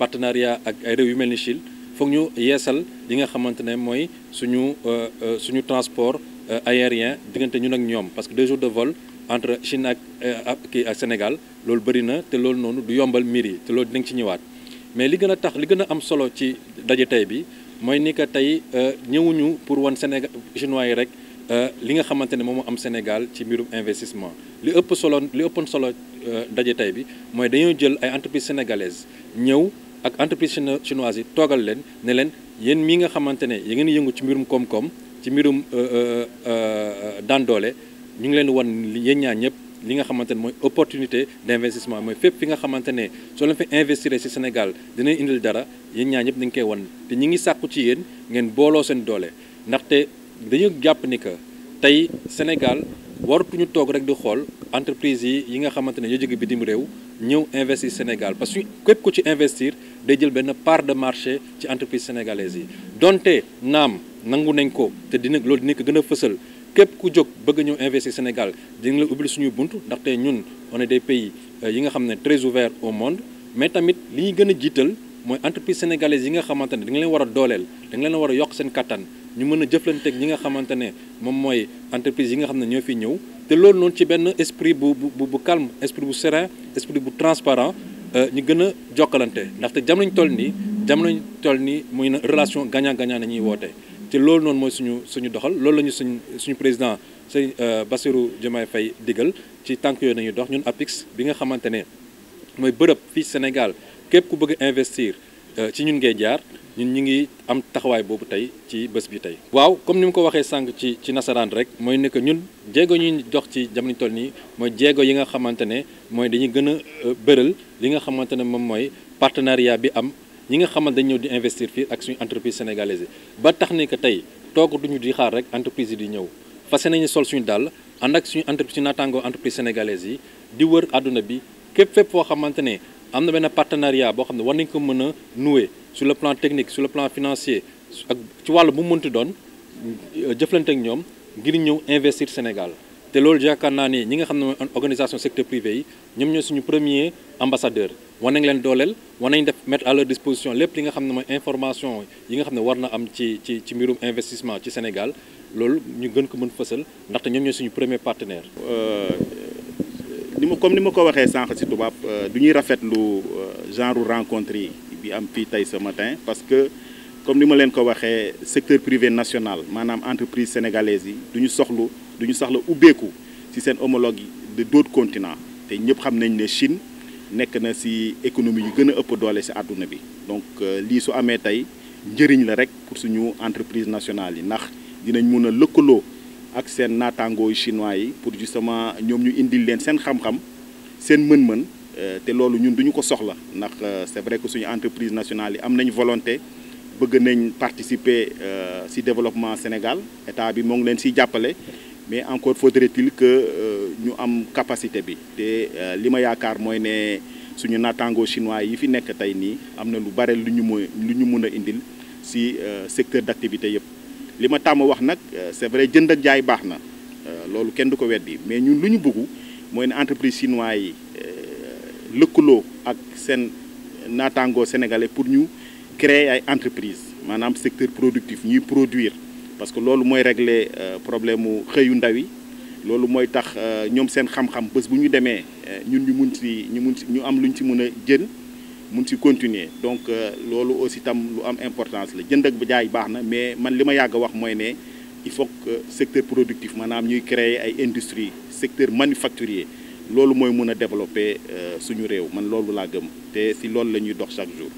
partenariat ak ay réew yu mel ni Chine foog ñu yeesal li nga xamante ne mooy suñu euh, euh, suñu transport euh, aérien diggante ñu nag ñoom parce que deux jours de vol entre Chine ak kii ak Sénégal loolu bëri na te loolu noonu du yombal mbir yi te loolu dinañ ci ñëwaat mais li gën a tax li gën a am solo ci daje tey bi mooy ni que tey ñëwuñu pour wan Sénégal chinois yi rek li nga xamante ne moom moo am Sénégal ci mbirum investissement li ëpp solo li ëppoon solo daje tey bi mooy dañoo jël ay entreprises sénégalaises ñëw. ak entreprise chinoise yi toogal leen ne leen yéen mii nga xamante ne yéen ngeen yëngu ci mbirum koom-koom ci mbirum euh, euh, euh, daan doole ñu ngi leen wan yéen ñaa ñëpp li nga xamante ne mooy opportunité d'investissement mooy fépp fi nga xamante ne soo leen fi investir ci Sénégal dina indil dara yéen ñaa ñëpp dañ koy wan te ñi ngi sàkku ci yéen ngeen booloo seen doole ndaxte dañu jàpp ni que tey Sénégal ñu toog rek di xool entreprise yi yi nga xamante ne ñoo jóge bitim réew ñëw investir Sénégal parce que képp ku ci investir day jël ben part de marché ci entreprise sénégalaise yi donte naam nangu nañ ko te dina loolu dina gëna gën képp ku jog bëgg ñëw investir Sénégal dina la ubbil suñuy bunt ndaxte ñun on est des pays euh, yi nga xamné très ouvert au monde mais tamit li ñi gëna jittal moy entreprise sénégalaise yi nga xamante ne leen wara dolel dooleel leen wara yok yokk seen kattan ñu mëna a jëflanteeg ñi nga xamante mom moy entreprise yi nga xamné ne ñoo fi ñëw té loolu non ci ben esprit bu bu bu calme esprit bu serein esprit bu transparent Euh, ñu gën a jokkalante ndaxte jam lañ toll nii jam lañ toll nii muy na relation gagnant gagnant nañuy woote te loolu noonu mooy suñu suñu doxal loolu la ñu suñ suñu président sëñ euh, basiru jamaay fay digal ci tànk yooyu nañu dox ñun apix bi nga xamante ne mooy bërëb fii sénégal képp ku bëgg investir euh, ci ñun ngay jaar ñun ñu ngi am taxawaay boobu tey ci bés bi tey. waaw comme ni mu ko waxee sànq ci ci nasaraan rek mooy ne que ñun jéego ñuy jox ci jamono toll nii mooy jéego yi nga xamante ne mooy dañuy gën a euh, bëral li nga xamante ne moom mooy partenariat bi am ñi nga xamante dañ ñëw di investir fii ak suñu entreprise sénégalaise ba tax ne que tey toogatuñu di xaar rek entreprise yi di ñëw fase nañu sol suñu dàll ànd ak suñu entreprise naataangoo entreprise sénégalaise yi di wër àdduna bi képp fépp foo xamante ne. am na benn partenariat boo xam ne war ko sur le plan technique sur le plan financier ak ci wàllu bu mu mënti doon euh, jëflante ak ñoom investir au Sénégal te loolu yaakaar naa ñi nga secteur privé nous sommes nos suñu premier ambassadeur war les leen nous war def mettre à leur disposition les li nga xam ne mooy information yi nga xam am ci ci investissement ci Sénégal nous ñu gën ko mën fësal nous sommes nos suñu premier partenaire. Euh, ni comme ni ma ko waxee sànq ci tubab euh, du ñuy rafetlu euh, genre rencontre bi am fi tay ce matin parce que comme ni ma leen ko waxé secteur privé national manam entreprise sénégalaise yi duñu soxlu duñu ñu soxla ubbeeku ci sen homologue de d'autres continents té ñëpp xam nañ né Chine nek na ci économie yu gëna ëpp doole ci aduna bi donc euh, li su amé tay njëriñ la rek pour suñu entreprise nationale yi nax dinañ mëna lekkolo ak seen naataangooyu chinois yi pour justement ñom ñu indil leen sen xam-xam sen mën-mën euh, té lolu ñun duñu ko soxla nak euh, c'est vrai que suñu entreprise nationale yi am nañ volonté bëgg nañ participer euh, ci développement Sénégal état bi mo ngi leen ci jappalé mais encore faudrait-il que ñu am capacité bi té lima ma moy né ne suñu natango chinois yi fi nek tay ni am na lu bare lu ñu lu ñu indil ci secteur d'activité yépp li ma tàmm wax nag euh, c'est vrai jënd ak jaay baax na euh, loolu kenn du ko weddi mais ñun lu ñu bëgg mooy na entreprise chinois yi euh, lëkkaloo ak seen nataangoo sénégalais pour ñu créer ay entreprise maanaam secteur productif ñuy produire parce que loolu mooy régler problème mu xëyu ndaw yi loolu mooy tax ñoom seen xam-xam bés bu ñu demee ñun ñu mun ci ñu mun ci ñu am lu ñu ci mën a jën On continuer donc euh, loolu aussi tam lu am importance la jënd ba mais man li ma wax il faut que secteur productif maanaam ñuy créer ay industrie secteur manufacturier loolu mooy mun a développer euh, suñu réew man loolu laa gëm te si loolu la ñuy dox chaque jour